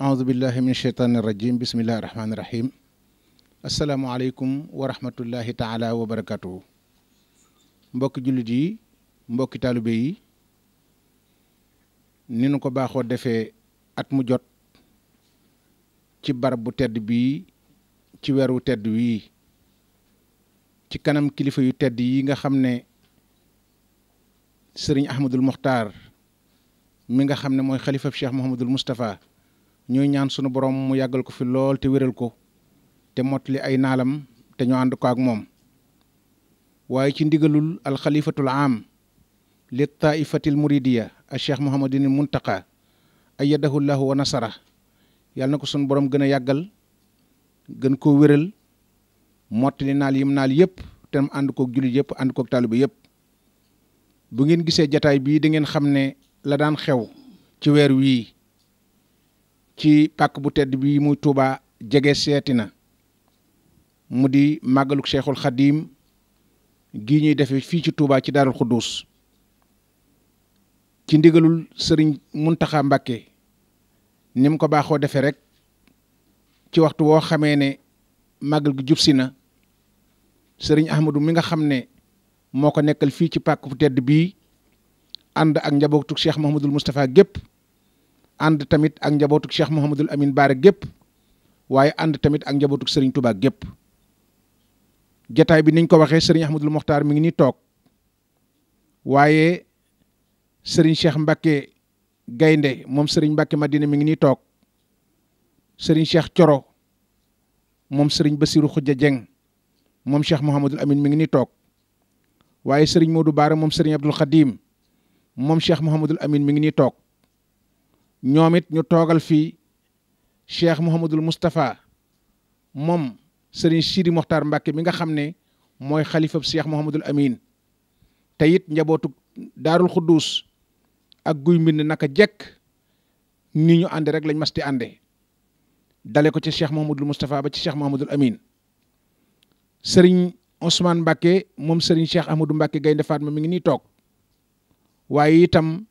aoudu billahi min sheytaani irajim bismillahi rahmaani rahim asalaamualeykum wa rahmatullahi taala wa barakatuhu mbokki jullit yi mbokki taalibe yi ni nu ko baaxoo defee at mu jot ci barab bu tedd bii ci weer tedd wii ci kanam kilifa yu tedd yi nga xam ne sëriñ ahmadul muxtaar mi nga xam ne mooy xalifa cheikh mohamadul moustapha ñuy ñaan sunu borom mu yàggal ko fi lool te wéral ko te mottali ay naalam te ñu ànd ko ak moom waaye ci ndigalul alxalifatul am li taifatil muridiya a cheikh mouhamadinil muntaqa ayyadahu llahu wa nasara yàlla na ko sunu boroom gën a yàggal gën koo wéral mottali naal yim naal yëpp te mu ànd koog jullit yëpp ànd koog taaliba yépp bu ngeen gisee jataay bii da ngeen xam ne la daan xew ci weer wii ci pàkk bu tedd bii muy Touba jege seeti na mu di màggaluk seexul xadiim gi ñuy defe fii ci Touba ci Daarul Xuddus ci ndigalul sëriñ Muntaxa Mbàkke ni mu ko baaxoo defee rek ci waxtu woo xamee ne màggal gi jub si na sëriñ Ahmadu mi nga xam ne moo ko nekkal fii ci pàkk bu tedd bii ànd ak njabootu Cheikh Mouhamadul Moustapha gépp ànd tamit ak njabootuk cheikh Mouhamadul Amin Baare gépp waaye ànd tamit ak njabootuk Serigne Touba gépp jataay bi niñ ko waxee Serigne Ahmadul Mokhtar mi ngi nii toog waaye Serigne Cheikh Mbacke gaynde moom Serigne Mbacke Madina mi ngi nii toog Serigne Cheikh Coro moom Serigne Bassirou Khoudia Dieng moom Cheikh Mouhamadul Amin mi ngi nii toog waaye Serigne Modou Baare moom Serigne Abdoul Khadim moom Cheikh Mouhamadul Amin mi ngi nii toog. ñoom it ñu toogal fii cheikh Mouhamadul Moustapha moom sëriñ Sidi Mokhtar Mbacke mi nga xam ne mooy xalifab cheikh Mouhamadul Amin te it njabootu daarul xudduus ak guy mbind naka jekk ni ñu ànd rek lañ mas ànde dale ko ci cheikh Mouhamadul Moustapha ba ci cheikh Mouhamadul Amin sëriñ Ousmane Mbacke moom sëriñ cheikh Ahmadou Mbacke Gaynde Fatma mi ngi nii toog waaye itam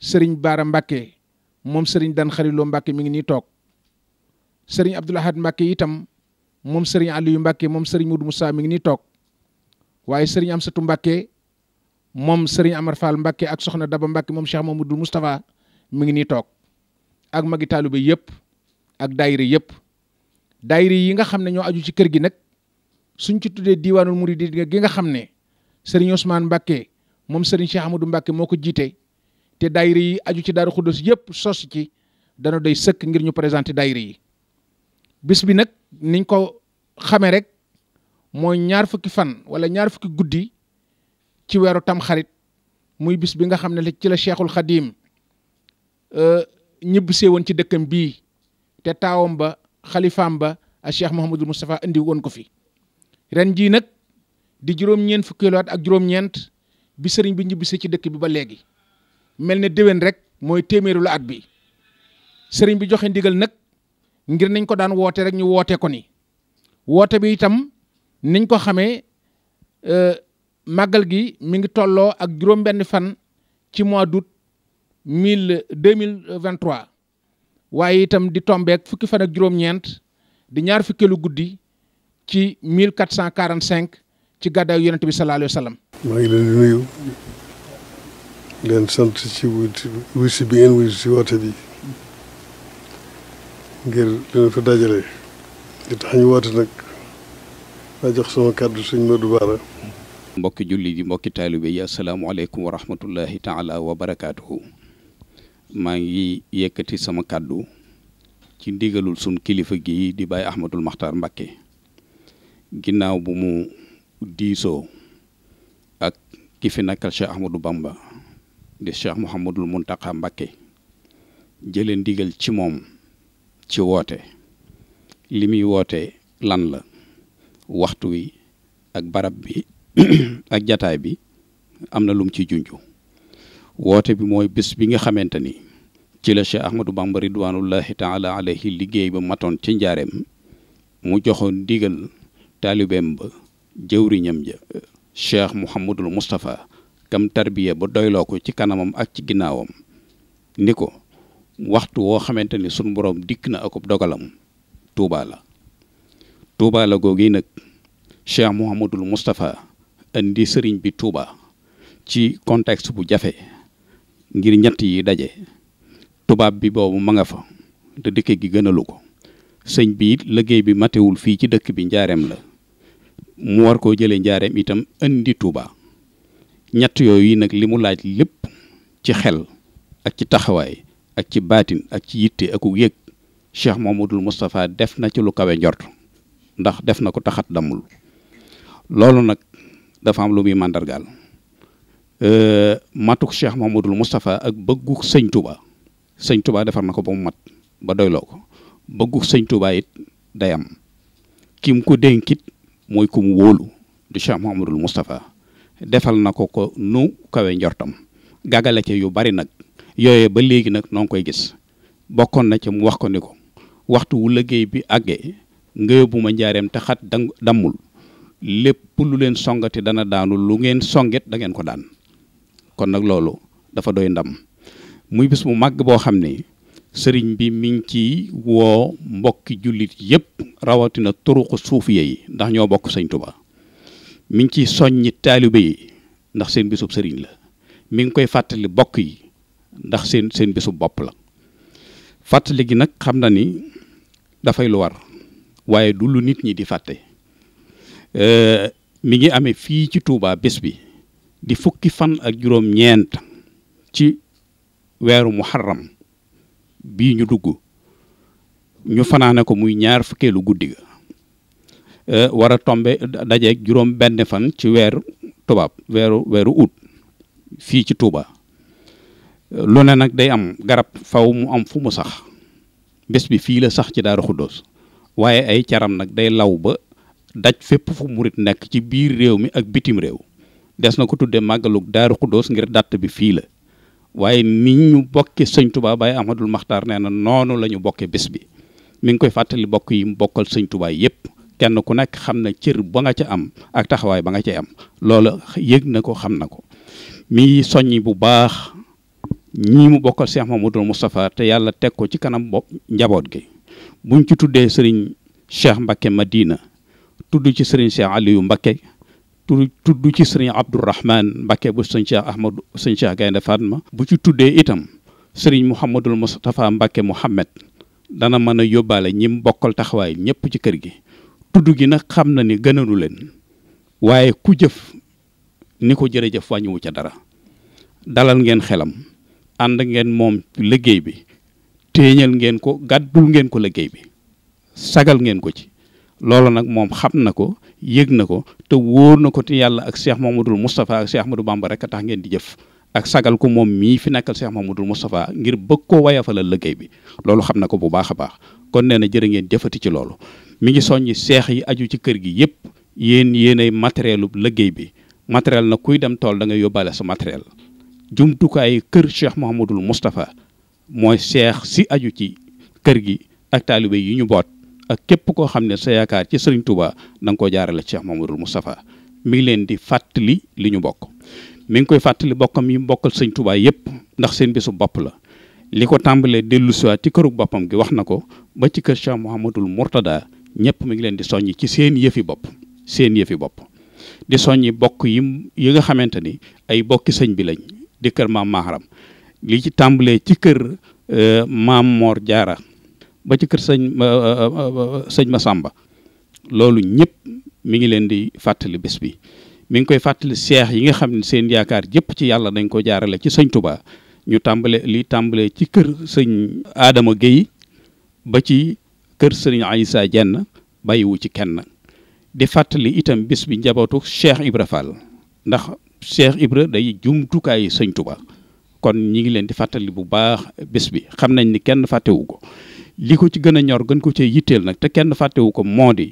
sëriñ Baara Mbacke. moom sëriñ Dan Xariloo Mbàkke mi ngi nii toog sëriñ Abdul Ahad Mbàkke itam moom sëriñ Aliyu Mbàkke moom sëriñ Mudu Musaa mi ngi nii toog waaye sëriñ Amsatu Mbàkke moom sëriñ Amar Fall ak soxna Daba Mbàkke moom Cheikh Mamadou Moustapha mi ngi nii toog ak magi taalibe yëpp ak daayira yëpp daayira yi nga xam ne ñoo aju ci kër gi nag suñ ci tuddee diiwaanul muriid gi nga xam ne sëriñ Ousmane Mbàkke moom sëriñ Cheikh Amadou Mbàkke moo ko jiite te daayira yi aju ci Daaru Xuddus yëpp sos ci dana doy sëkk ngir ñu présenter daayira yi bis bi nag niñ ko xamee rek mooy ñaar fukki fan wala ñaar fukki guddi ci weeru tamxarit muy bis bi nga xam ne ci la Cheikhul Khadim euh, ñibbisee woon ci dëkkam bii te taawam ba xalifaam ba ak Cheikh Mouhamadul Moustapha indi woon ko fi ren jii nag di juróom-ñeent fukkeelu ak juróom-ñeent bi sëriñ bi ñibbisee ci dëkk bi ba léegi mel ne déwén rek mooy téeméeru la at bi sëriñ bi joxe ndigal nag ngir nañ ko daan woote rek ñu woote ko woote bi itam niñ ko xamee euh, màggal gi mi ngi tolloo ak juróom-benn fan ci mois d'août mille deux mille vingt trois waaye itam di tombeek fukki fan ak juróom-ñeent di ñaar fukkeelu guddi ci mille quatre cent quarante ci gàddaayu yonent bi sallallahu alayhi leen sant ci wuysi bi ngeen wuysi si woote bi ngir leen fa dajale di tax ñu woote nag mbokki julli di mbokki taalibe yi asalaamualeykum wa rahmatullahi taala wa barakaatuhu maa ngi yëkkati sama kàddu ci ndigalul sun kilifa gi di Baye Ahmadul Maxtaar Mbakke ginnaaw bu mu diisoo ak ki fi nakkal Cheikh Ahmadou Bamba di cheikh Mouhamadul Mountakha Mbacké jëlee ndigal ci moom ci woote li muy woote lan la waxtu wi ak barab bi ak jataay bi am na lum ci junj woote bi mooy bis bi nga xamante ni ci la cheikh Ahmadou Bamba ridwanullahi taala alayhi liggéey ba matoon ci njaareem mu joxoon ndigal taalibeem ba jëwriñam ja cheikh Mouhamadul Moustapha kam tarbiya ba doyloo ko ci kanamam ak ci ginnaawam ni ko waxtu woo xamante ni sunu borom dikk na akub dogalam Touba la Touba la googu nag Cheikh Mouhamadul Moustapha indi sëriñ bi Touba ci contexte bu jafe ngir ñett yi daje tubaab bi boobu ma nga fa te dëkk gi gënalu ko sëñ bi it liggéey bi matewul fii ci dëkk bi njaareem la mu war koo jëlee njaareem itam indi Touba. ñett yooyu yi nag li mu laaj lépp ci xel ak ci taxawaay ak ci baatin ak ci yitte ak u yëg Cheikh Mamadul Moustapha def na ci lu kawe njort ndax def na ko taxat damul loolu nag dafa am lu muy màndargaal euh, matuk Cheikh Mamadul Moustapha ak bëggu sëñ Touba sëñ defar na ko ba mu mat ba doyloo ko bëggu sëñ Touba it day am ki mu ko dénkit mooy ku mu wóolu di Cheikh Mamadul Moustapha defal na ko ko nu kawe njortam gàggale ca yu bari nag yooye ba léegi nag noo koy gis bokkoon na ci mu wax ko ni ko waxtu wu liggéey bi àggee nga bu ma njaareem te xat da dammul lépp lu leen songati dana daanu lu ngeen songit da ngeen ko daan kon nag loolu dafa doy ndam muy bis mu màgg boo xam ni sëriñ bi mi ci woo mbokki jullit yépp rawatina suuf yee yi ndax ñoo bokk sañ Tuba mi ngi ciy soññi taalibe yi ndax seen bisub sëriñ la mi ngi koy fàttali bokk yi ndax seen seen bisub bopp la fàttali gi nag xam na ni dafay lu war waaye du lu nit ñi di fàtte mi ngi amee fii ci Touba bés bi di fukki fan ak juróom-ñeent ci weeru muharram bii ñu dugg ñu fanaane ko muy ñaar fukkeelu guddi ga Euh, war a tombe dajeeg juróom benn fan ci weeru tubaab weeru weeru août fii ci Touba euh, lu ne nag day am garab faw mu am fu mu sax bés bi fii la sax ci Daaru Xuddoos waaye ay caram nag day law ba daj fépp fu murit nekk ci biir réew mi ak bitim réew des na ko tudde màggalug Daaru Xuddoos ngir dàtt bi fii la waaye ni ñu bokke sëñ Touba Baye Ahmadul Maxtaar nee na noonu la ñu bokke bés bi mi ngi koy fàttali bokk yi mu bokkal sëñ Touba yépp kenn ku nekk xam na cër ba nga ca am ak taxawaay ba nga ca am loola yëg na ko xam na ko mi soññi bu baax ñii mu bokkal Cheikh Mamadou Moustapha te yàlla teg ko ci kanam bopp njaboot gi buñ ci tuddee sëriñ Cheikh Mbacké Madina tudd ci sëriñ Cheikh Aliou Mbacké tudd ci sëriñ Abdourahman Mbacké bu sëñ Cheikh Ahmadou sëñ Cheikh Gaynde Fatma bu ci tuddee itam sëriñ Mouhamadul Moustapha Mbacké Mouhamed dana mën a yóbbaale ñi mu bokkal taxawaay ñëpp ci kër gi tudd gi nag xam na ni gënalu leen waaye ku jëf ni ko jërëjëf wàññiwu ca dara dalal ngeen xelam ànd ngeen moom liggéey bi téeñal ngeen ko gàddul ngeen ko liggéey bi sagal ngeen ko ci loolu nag moom xam na ko yëg na ko te wóor na ko te yàlla ak seex Mamadou Moustapha ak Cheikh Ahmadou Bamba rek a tax ngeen di jëf ak sagal ko moom mii fi nekkal Cheikh Mamadou Moustapha ngir bëgg koo wayafalal liggéey bi loolu xam na ko bu baax a baax kon nee na jërë ngeen jëfati ci loolu mi ngi soññi seex yi aju ci kër gi yëpp yéen yéenay matérielu liggéey bi matériel na kuy dem tool da ngay yóbbaale sa matériel jumtukaayu kër Cheikh Mouhamadul Moustapha mooy seex si aju ci kër gi ak taalibe yi ñu boot ak képp koo xam ne sa yaakaar ci Serigne Touba da nga koo jaarale Cheikh Mouhamadul Moustapha mi ngi leen di fàttali li ñu bokk mi ngi koy fàttali bokkam yi bokkal Serigne Touba yëpp ndax seen bisu bopp la li ko tàmbalee dellu siwaat ci kërug boppam gi wax na ko ba ci kër Cheikh Mouhamadul Mourtada ñëpp mu ngi leen di soññi ci seen yëfi bopp seen yëfi bopp di soññi bokk yi yi nga xamante ni ay bokki sëñ bi lañ di kër maam Maharam li ci tàmbalee ci kër euh, maam moor Jaara ba ci kër sëñ euh, euh, sëñ Masamba loolu ñëpp mu ngi leen di fàttali bés bi mi ngi koy fàttali seex yi nga xam seen yaakaar jëpp ci yàlla dañ ko jaarale ci sëñ Touba ñu tàmbale li tàmbale ci kër sëñ aadama Guèye ba ci kër sëñ Aïssa Dieng bàyyiwu ci kenn di fàttali itam bis bi njabootu Cheikh Ibra Fall ndax Cheikh Ibra day jumtukaay sëñ Touba kon ñi ngi leen di fàttali bu baax bés bi xam nañ ni kenn fàttewu ko li ko ci gën a ñor gën ko cee yitteel nag te kenn fàttewu ko moo di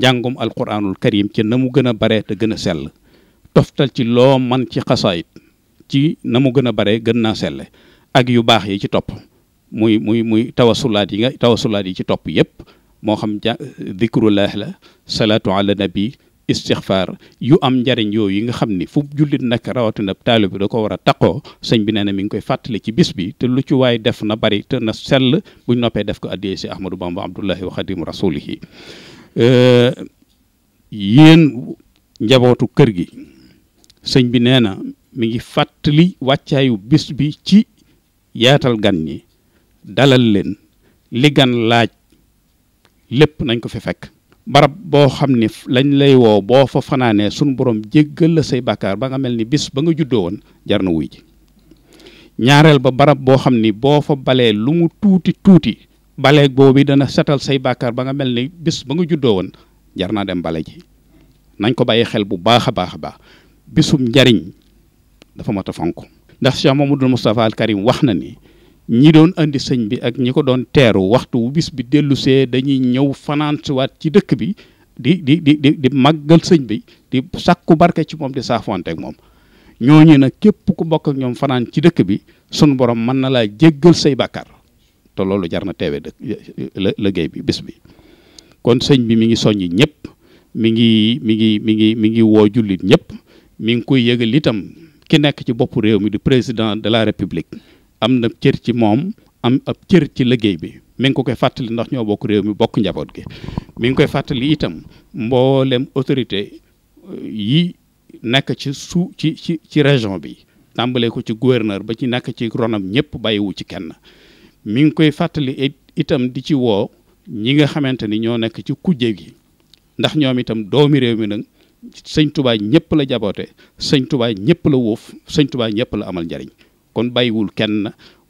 njàngum alquranul karim ci na mu gën a bare te gën a sell toftal ci loo man ci xasaayit ci na mu gën a bare gën naa selle ak yu baax yi ci topp muy muy muy sulaat yi nga yi ci topp yépp moo xam ja dikrullaah la salaatu ala nabi istixfaar yu am njariñ yooyu yi nga xam ni fu jullit nag rawatina taalib bi da ko war a taqoo sëñ bi nee na mi ngi koy fàttali ci bis bi te lu ci waay def na bari te na sell buñ noppee def ko addiyee si ahmadou bamba abdullahi wa xadim rasulihi yéen njabootu kër gi sëñ bi nee mi ngi fàttali wàccaayu bis bi ci yaatal gan ñi dalal leen li gan laaj lépp nañ ko fi fekk barab boo xam ni lañ lay woo boo fa fanaanee sunu boroom jéggal la say bàkkaar ba nga mel ni bis ba nga juddoo woon jar na wuy ñaareel ba barab boo xam ni boo fa balee lu mu tuuti tuuti baleeg boobu dana setal say bàkkaar ba nga mel ni bis ba nga juddoo woon jar naa dem bale ji nañ ko bàyyi xel bu baax a baax a baax bisum njariñ dafa mat a fonk ndax Cheikh Mamadou Moustapha al Karim wax na ni ñi doon indi sëñ bi ak ñi ko doon teeru waxtu wu bis bi dellu see dañuy ñëw fanaan fanaansiwaat ci dëkk bi di di di di sëñ bi di sàkku barke ci moom di saafonte moom ñooñu nag képp ku bokk ak ñoom fanaan ci dëkk bi sunu borom mën na laa jéggal say bàkkaar te loolu jar na teewee dëkk liggéey bi bis bi kon sëñ bi mi ngi soññ ñëpp mi ngi mi ngi mi ngi mi ngi woo jullit ñëpp mi ngi koy yëgal itam ki nekk ci boppu réew mi du président de la république am na cër ci moom am ab cër ci liggéey bi mi ngi ko koy fàttali ndax ñoo bokk réew mi bokk njaboot gi mi ngi koy fàttali itam mboolem autorité euh, yi nekk ci su ci ci ci région bi tàmbalee ko ci gouverneur ba ci nekk ci ronam ñëpp bàyyiwu ci kenn mi ngi koy fàttali itam di ci woo ñi nga xamante ni ñoo nekk ci kujje gi ndax ñoom itam doomi réew mi nag sëñ tubaa ñëpp la jaboote sëñ tubaa ñëpp la woof sëñ tubaa ñëpp la amal njariñ kon bàyyiwul kenn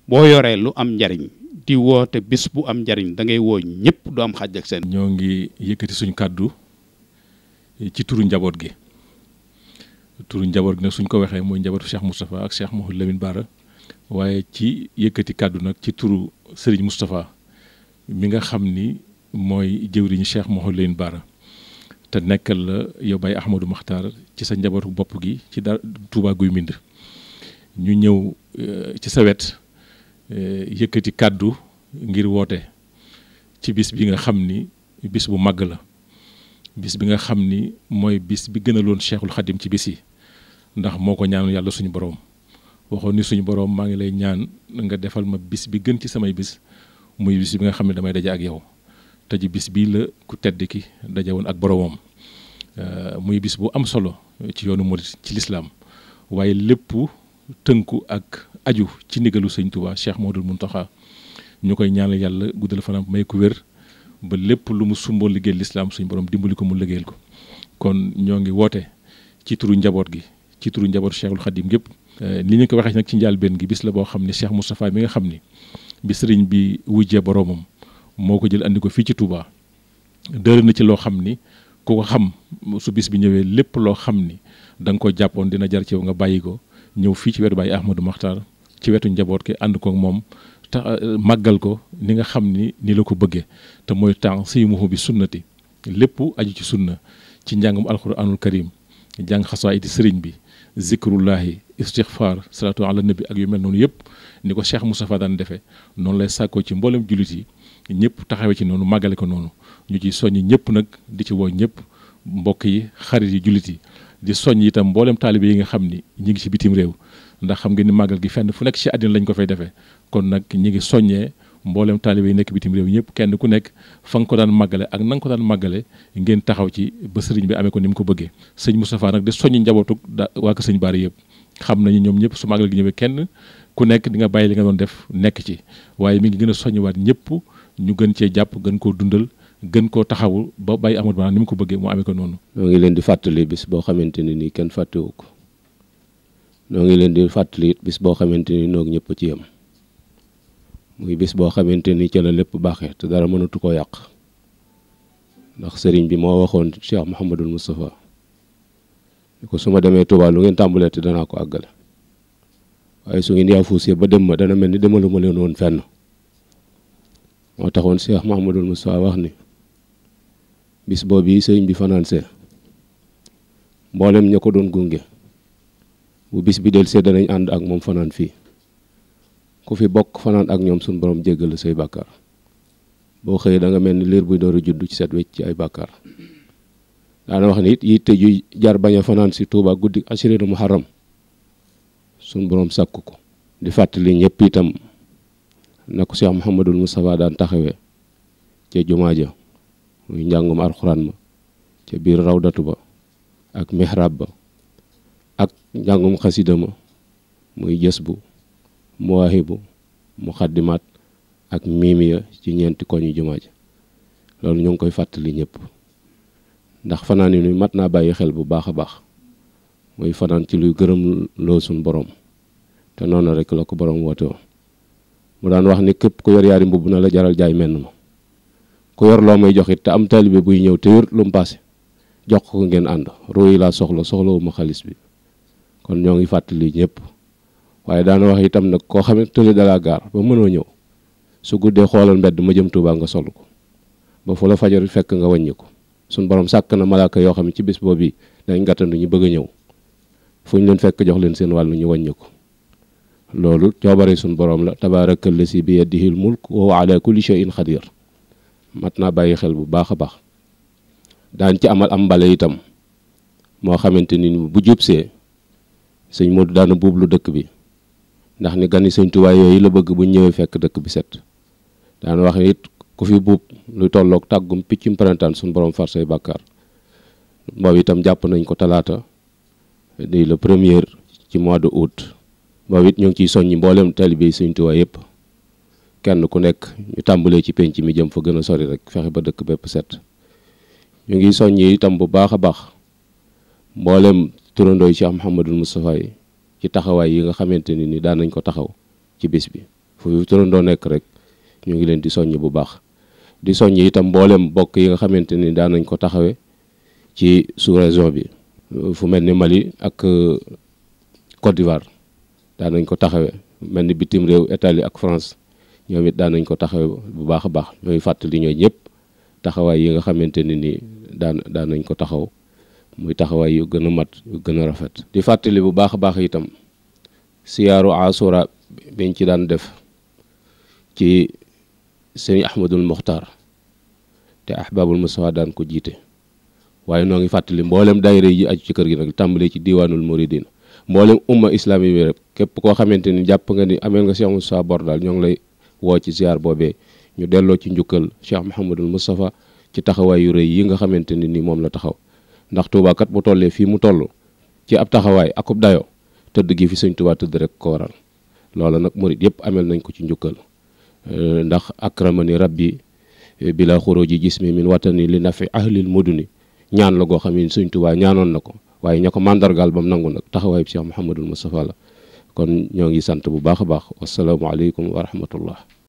boo yoree lu am njariñ di woote bis bu am njariñ da ngay woo ñëpp du am xàjj ak seen ñoo ngi yëkkati suñu kàddu ci turu njaboot gi turu njaboot gi nag suñ ko waxee mooy njabootu Cheikh Moustapha ak Cheikh Mouhamadou Lamine Bara waaye ci yëkkati kàddu nag ci turu sëriñ Moustapha mi nga xam ni mooy jëwriñu Cheikh Mouhamadou Lamine Bara te nekkal la yow Baye Ahmadou ci sa njabootu bopp gi ci da Touba guy mbind ñu ñëw euh, ci sa wet euh, yëkkati kàddu ngir woote ci bis bi nga xam ni bis bu màgg la bis bi nga xam ni mooy bis bi gënaloon Cheikhul Khadim ci bis yi ndax moo ko ñaanal yàlla suñu borom waxoon ni suñu borom maa ngi lay ñaan nga defal ma bis bi gën ci samay bis muy bis bi nga xam ne damay daje ak yow. te bis bii la ku tedd ki daje woon ak boromam euh, muy bis bu am solo ci yoonu murit ci lislaam waaye lépp tënku ak aju ci ndigalu sëñ moo Cheikh mun Mountakha ñu koy ñaanal yàlla guddal fanam may ku wér ba lépp lu mu sumboon liggéeyal lislaam suñ borom dimbali ko mu liggéeyal ko kon ñoo ngi woote ci turu njaboot gi ci turu njaboot Cheikhul Khadim yëpp. li euh, ñu ko waxee nag ci njàlbeen gi bis la boo xam ne Cheikh Moustapha bi nga xam ni bi sëriñ bi wujjee boromam. moo ko jël indi ko fii ci Touba dëral na ci loo xam ni ku ko xam su bis bi ñëwee lépp loo xam ni da nga ko jàppoon dina jar ci nga bàyyi ko ñëw fii ci wetu Baye Ahmadou Makhtar ci wetu njaboot ki ànd ko moom tax euh, màggal ko ni nga xam ni ni la ko bëggee te mooy temps si muhu bi sunnati lépp aju ci sunna ci njàngum alxuraanul karim jàng xasaayid sëriñ bi zikrullahi istixfar salatu ala nabi ak yu mel noonu yëpp ni ko Cheikh Moustapha daan defee noonu lay sàkkoo ci mboolem jullit yi ñëpp taxawee ci noonu màggale ko noonu ñu ci soññ ñëpp nag di ci woo ñëpp mbokk yi xarit yi jullit yi di soññ itam mboolem taalibe yi nga xam ni ñi ngi ci bitim réew ndax xam ngeen ni màggal gi fenn fu nekk ci àddina lañ ko fay defee kon nag ñi ngi soññee mboolem taalibe yi nekk bitim réew ñëpp kenn ku nekk fa ko daan màggale ak na ko daan màggale ngeen ci ba sëriñ bi amee ko ni mu ko bëggee sëñ Moustapha nag di soññ njabootug da waa sëñ Baara yëpp xam nañu ñoom ñëpp su màggal gi ñëwee kenn ku nekk di nga bàyyi li nga doon def nekk ci waaye mi ngi gën a soññiwaat ñëpp ñu gën cee jàpp gën koo dundal gën koo taxawul ba Baye Amadou Ba ni mu ko bëggee mu amee ko noonu. ñoo ngi leen di fàttali bis boo xamante ne nii kenn fàttewu ko ñoo ngi leen di fàttali bis boo xamante ni noog ñëpp ci yem mu ngi bis boo xamante ni ca la lépp baaxee te dara mënatu koo yàq ndax sëriñ bi moo waxoon Cheikh Mouhamadul Moustapha ni ko su ma demee Touba lu ngeen tàmbalee te danaa ko àggale waaye su ngeen yaafuusee ba dem ma dana mel ni demalu ma leen woon fenn. moo tax taxoon Cheikh Mouhamadul Moustapha wax ni bis boobu yi sëriñ bi fanaan fanaanse mboolem ña ko doon gunge bu bis bi del see danañ ànd ak moom fanaan fii ku fi bokk fanaan ak ñoom suñu borom jéggal say bàkkaar boo xëyee danga mel ni liir buy door a judd ci set wecc ci ay bàkkaar daana wax ni it yitte ju jar bañ a fanaan si Touba guddi asirinu Muharram suñ boroom sakk ko di fàttali ñëpp itam na ko Cheikh Mouhamadul Moustapha daan taxawee ca jumaa ja muy njàngum alxuraan ma ca biir rawdatu ba ak mihrab ba ak njàngum xasida ma muy jës bu muwaahibu mu xaddimaat ak miimiya ci ñeenti koñu jumaa ja loolu ñu ngi koy fàttali ñëpp ndax fanaan yi mat naa bàyyi xel bu baax a baax muy fanaan ci luy gërëm loo sunu borom te noonu rekk la ko borom woote mu daan wax ni képp ku yor mbubb na la jaral jaay menn ma ku yor loo may jox it te am taalibe buy ñëw te yor lu jox ko ngeen ànd roo yi laa soxla soxlawuma xaalis bi kon ñoo ngi fàttali ñëpp waaye daana wax itam nag koo xamante ne dalaa gaar ba mënoo ñëw su guddee xoolal mbedd ma jëm Tuubaa nga sol ko ba fu la fajar fekk nga wàññi ko suñ borom sàkk na malaaka yoo xam ne ci bis boobu dañ gàttandu ñu bëgg a ñëw fu ñu leen fekk jox leen seen wàllu ñu wàññi loolu coobare suñ boroom la tabaaraka lasi bi yadihil mulk wa huwa ala kulli shay'in xadir mat naa bàyyi xel bu baax a baax daan ci amal am mbale itam moo xamante ni bu jubsee sëñ Modou daana lu dëkk bi ndax ni gani sëñ Tuubaa yooyu la bëgg bu ñëwee fekk dëkk bi set daan wax it ku fi buub lu tollook tàggum piccum printemps suñ borom far say bàkkaar moom itam jàpp nañ ko talaata di le premier ci mois de août moom it ñu ngi ciy soññi mboolem taalibe suñ Sëriñ Tuubaa yëpp kenn ku nekk ñu tàmbalee ci penc mi jëm fa gën a sori rek fexe ba dëkk bépp set ñu ngi soññi itam bu baax a baax mboolem turandoo yi Cheikh Mouhamadul Moustapha ci taxawaay yi nga xamante ni ni daan nañ ko taxaw ci bis bi fu turandoo nekk rek ñu ngi leen di soññ bu baax di soññ itam mboolem bokk yi nga xamante ni daan nañ ko taxawee ci sous-région bi fu mel ni Mali ak Côte d'Ivoire daanañ ko taxawe mel ni bitim réew Italie ak France ñoom it daanañ ko taxawe bu baax a baax ñooy fàttali ñooy ñëpp taxawaay yi nga xamante ne nii daan daanañ ko taxaw muy taxawaay yu gën a mat yu gën a rafet di fàttali bu baax a baax itam siyaaru asura biñ ci daan def ci sëñ Ahmadul Muxtaar te ahbabul Mustafa daan ko jiite waaye noo ngi fàttali mboolem daayira yi aju ci kër gi nag tàmbali ci diiwaanul muridin mboolem umma islam yi wér képp koo xamante ni jàpp nga ni ameel nga Cheikh Moustapha daal ñoo ngi lay woo ci ziar boobee ñu delloo ci njukkal Cheikh Mouhamadul Moustapha ci taxawaay yu rëy yi nga xamante ni ni moom la taxaw ndax Touba kat bu tollee fii mu toll ci ab taxawaay akub dayo tëdd gi fi sëñ Touba tëdd rek ko loola nag murit yëpp ameel nañ ko ci njukkal euh, ndax akramani rabbi bila xuruji jismi min watani li nafi ahlil muduni ñaan la goo xam ne sëñ Touba ñaanoon ko waaye ña ko mandargaal ba mu nangu nag taxawaayu Cheikh Mouhamadul Moustapha la kon ñoo ngi sant bu baax a baax wasalaamualeykum wa rahmatullah